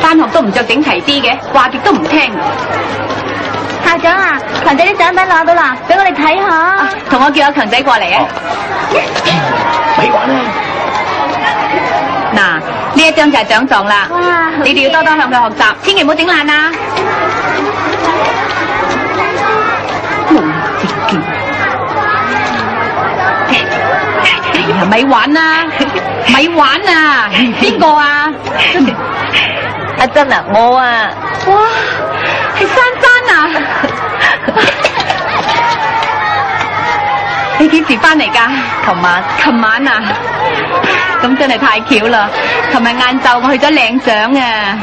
返學都唔着整齊啲嘅，話極都唔聽。校長啊，強仔啲獎品攞到啦，俾我哋睇下。同、啊、我叫阿強仔過嚟、哦、啊！咪玩啊！嗱，呢一張就係獎狀啦，哇，你哋要多多向佢學習，千祈唔好整爛啊！冇意見。哎呀，咪玩， 玩啊！咪玩啊！邊個啊？阿珍啊，我啊，哇，係珊珊啊，你幾時翻嚟噶？琴晚，琴晚啊，咁真係太巧啦！琴日晏晝我去咗領獎啊，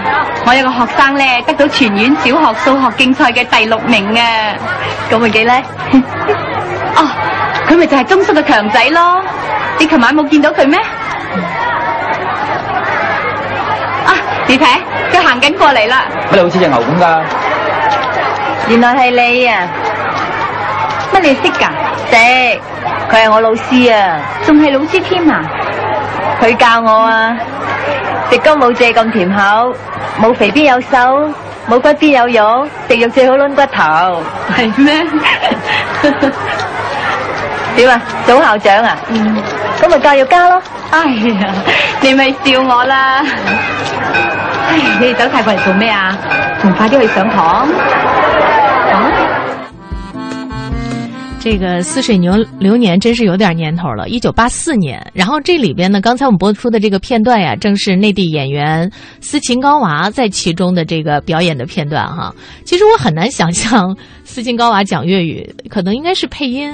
我有個學生咧得到全院小學數學競賽嘅第六名啊，咁咪幾叻？哦，佢咪就係中叔嘅強仔咯，你琴晚冇見到佢咩？你睇，佢行緊過嚟啦，乜你好似隻牛咁噶？原來係你啊！乜你識噶？爹，佢係我老師啊，仲係老師添啊！佢教我啊，食糕冇借咁甜口，冇肥邊有瘦，冇骨邊有肉，食肉最好攞骨頭，係咩？點啊？早校長啊？咁咪教育家咯？哎呀！你咪笑我啦！唉，你哋走太快嚟做咩啊？仲快啲去上堂！這個《似水流流年》真是有點年頭了，一九八四年。然後這裏邊呢，剛才我們播出的這個片段呀、啊，正是內地演員斯琴高娃在其中的這個表演的片段哈、啊。其實我很難想象斯琴高娃講粵語，可能應該是配音。